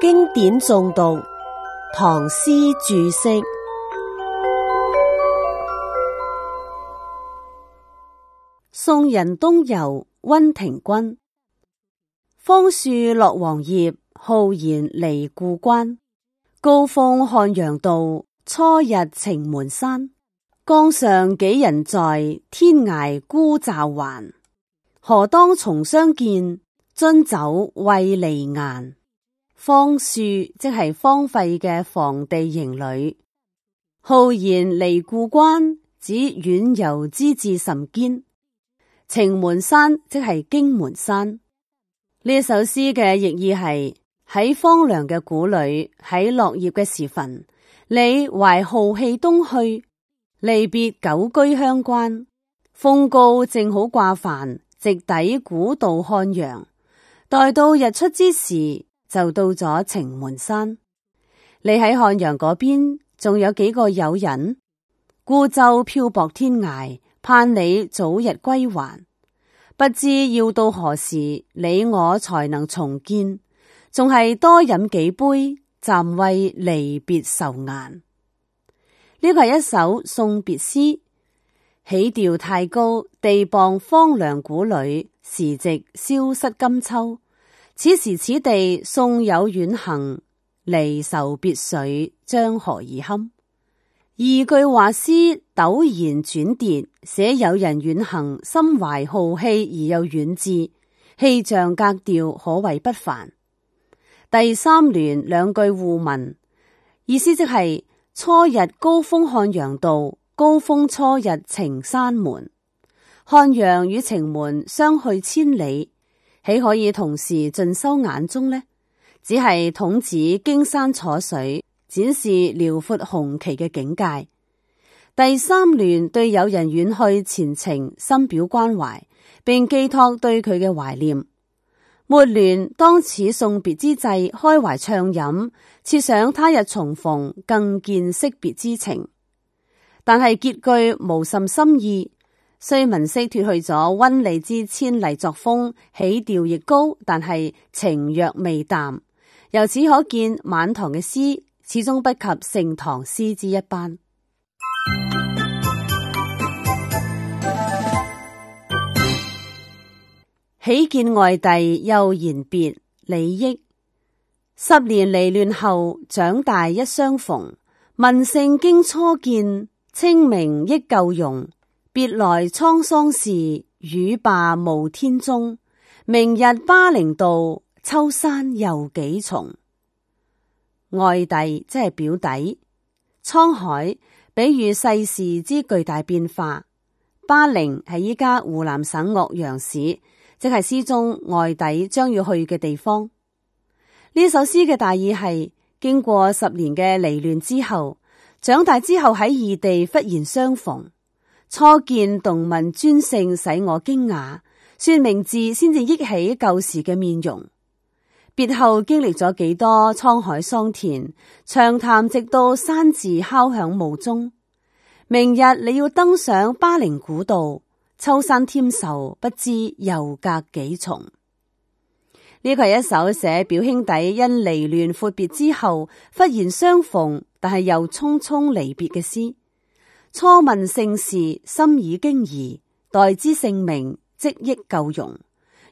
經典誦讀，唐詩註釋。送人東遊，溫庭筠。荒戍落黃葉，浩然離故關。高風漢陽渡，初日郢門山。江上幾人在，天涯孤棹還。何當重相見，樽酒慰離顏。荒樹即係荒廢嘅房地營壘，浩然離故關，指遠遊之志甚堅。晴門山即係荊門山。呢首詩嘅譯意係喺荒涼嘅古里，喺落葉嘅時分，你懷豪氣東去，離別久居鄉關，風高正好掛帆，直抵古道漢陽。待到日出之時。就到咗晴門山，你喺漢陽嗰邊仲有幾個友人，孤舟漂泊天涯，盼你早日歸還。不知要到何時，你我才能重見？仲係多飲幾杯，暫慰離別愁顏。呢個係一首送別詩，起調太高，地傍荒涼古壘，時值蕭瑟金秋。此時此地，送友遠行，離愁別緒，將何以堪？二句話詩陡然轉跌，寫有人遠行，心懷浩氣而又遠志，氣象格調可謂不凡。第三聯兩句互文，意思即係初日高風漢陽道，高風初日晴山門，漢陽與晴門相去千里。豈可以同時盡收眼中呢？只係統指經山楚水，展示遼闊雄奇嘅境界。第三聯對友人遠去前程，深表關懷，並寄託對佢嘅懷念。末聯當此送別之際，開懷暢飲，設想他日重逢，更見惜別之情。但係結句無甚心意。雖文色脱去咗溫麗之千麗作風，起調亦高，但係情若未淡。由此可見，晚唐嘅詩始終不及盛唐詩之一般。 喜見外弟又言別李益，十年離亂後，長大一相逢。問姓驚初見，稱名憶舊容。別來滄海事，語罷暮天鐘。明日巴陵道，秋山又幾重。外弟即係表弟，滄海比喻世事之巨大變化。巴陵係依家湖南省岳陽市，即係詩中外弟將要去嘅地方。呢首詩嘅大意係經過十年嘅離亂之後，長大之後喺異地忽然相逢。初見動問尊姓，使我驚訝。說名字，先至憶起舊時嘅面容。別後經歷咗幾多滄海桑田，長談直到山寺敲響暮鐘。明日你要登上巴陵古道，秋山添愁，不知又隔幾重。呢個係一首寫表兄弟因離亂闊別之後，忽然相逢，但係又匆匆離別嘅詩。初問姓氏，心已驚疑；待知姓名，即憶舊容。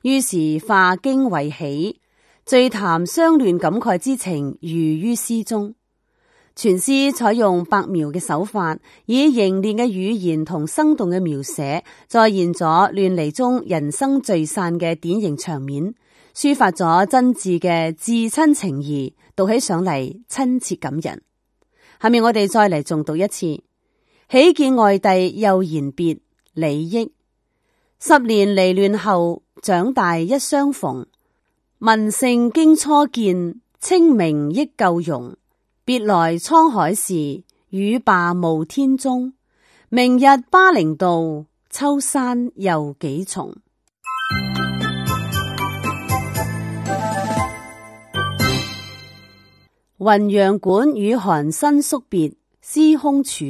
於是化驚為喜，聚談相戀，感慨之情如於詩中。全詩採用白描嘅手法，以凝練嘅語言同生動嘅描寫，再現咗亂離中人生聚散嘅典型場面，抒發咗真摯嘅至親情誼，讀起上嚟親切感人。下面我哋再嚟重讀一次。喜見外弟又言別，李益。十年離亂後，長大一相逢。問姓驚初見，稱名憶舊容。別來滄海事，語罷暮天鐘。明日巴陵道，秋山又幾重。 雲陽館與韓紳宿別，司空曙。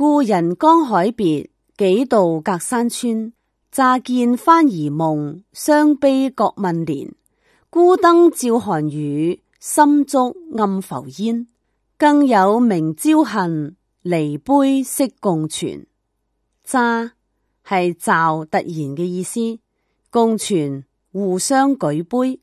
故人江海別，幾度隔山川。乍見翻疑夢，相悲各問年。孤燈照寒雨，心足暗浮煙。更有明朝恨，離杯惜共存。乍係驟突然嘅意思，共存互相舉杯。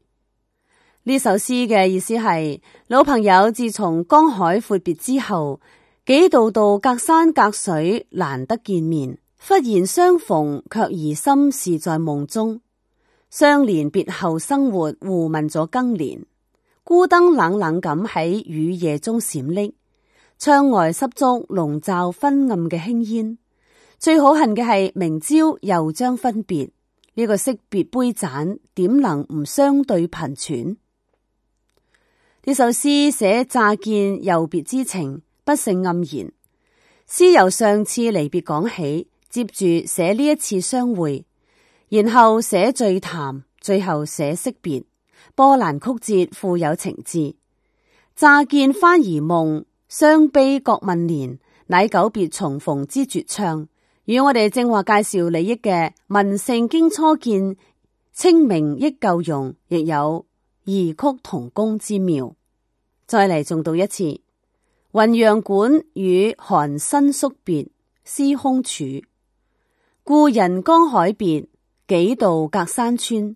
呢首詩嘅意思係老朋友自從江海闊別之後。幾度度隔山隔水，難得見面。忽然相逢，卻疑心事在夢中。相連別後，生活互問咗更年。孤燈冷冷咁喺雨夜中閃爍，窗外濕足籠罩昏暗嘅輕煙。最好恨嘅係明朝又將分別，呢、這個惜別杯盞點能唔相對頻傳？呢首詩寫乍見又別之情。不勝黯然，詩由上次離別講起，接住寫呢一次相會，然後寫聚談，最後寫惜別，波瀾曲折，富有情致。乍見翻疑夢，相悲各問年，乃久別重逢之絕唱。與我哋正話介紹李益嘅《問姓驚初見，稱名憶舊容》，亦有異曲同工之妙。再嚟重讀一次。雲陽館與韓紳宿別，司空曙。故人江海別，幾度隔山川。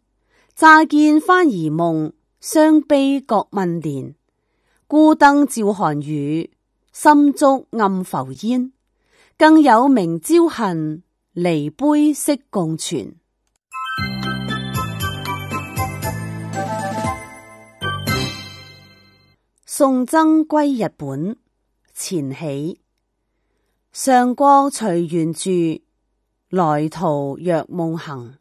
乍見翻疑夢，相悲各問年。孤燈照寒雨，深竹暗浮煙。更有明朝恨，離杯惜共傳。送僧歸日本。錢起，上國隨緣住，來途若夢行。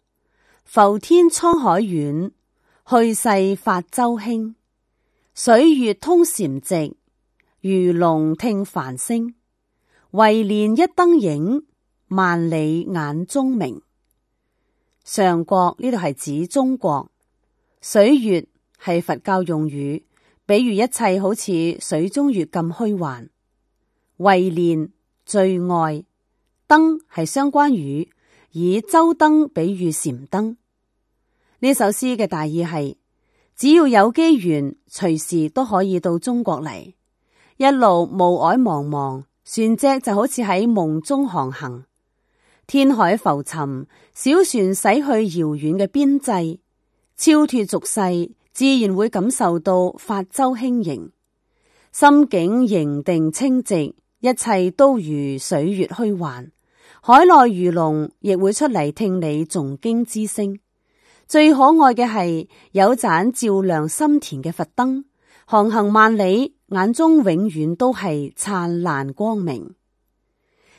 浮天滄海遠，去世發舟輕。水月通禪寂，魚龍聽梵聲。惟憐一燈影，萬里眼中明。上國呢度係指中國，水月係佛教用語，比喻一切好似水中月咁虛幻。惟憐最愛燈係相關語，以舟燈比喻禪燈。呢首詩嘅大意係：只要有機緣，隨時都可以到中國嚟。一路霧靄茫茫，船隻就好似喺夢中航行。天海浮沉，小船駛去遙遠嘅邊際，超脫俗世，自然會感受到法舟輕盈，心境凝定清淨。一切都如水月虛幻，海內魚龍亦會出嚟聽你誦經之聲。最可愛嘅係有盞照亮心田嘅佛燈，航行萬里，眼中永遠都係燦爛光明。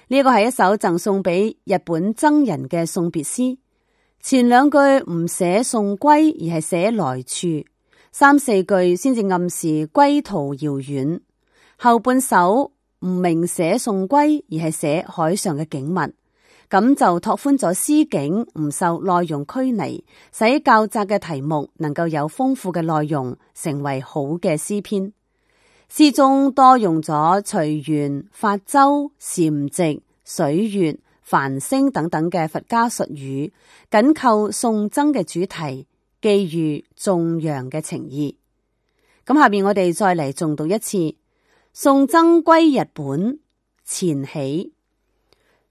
呢個係一首贈送俾日本僧人嘅送別詩，前兩句唔寫送歸而係寫來處，三四句先至暗示歸途遙遠，後半首。唔明寫送歸，而係寫海上嘅景物，咁就拓寬咗詩境，唔受內容拘泥，使較窄嘅題目能夠有豐富嘅內容，成為好嘅詩篇。詩中多用咗隨緣、法舟、禪寂、水月、梵聲等等嘅佛家術語，緊扣送僧嘅主題，寄予重陽嘅情意。咁下面我哋再嚟重讀一次。送僧歸日本，錢起。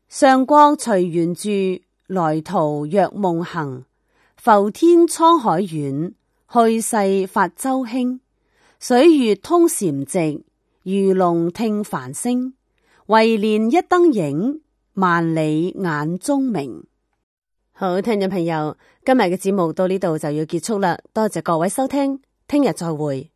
上國隨緣住，來途若夢行。浮天滄海遠，去世法舟輕。水月通禪寂，魚龍聽梵聲。唯憐一燈影，萬里眼中明。好，聽眾朋友，今日嘅節目到呢度就要結束啦，多謝各位收聽，聽日再會。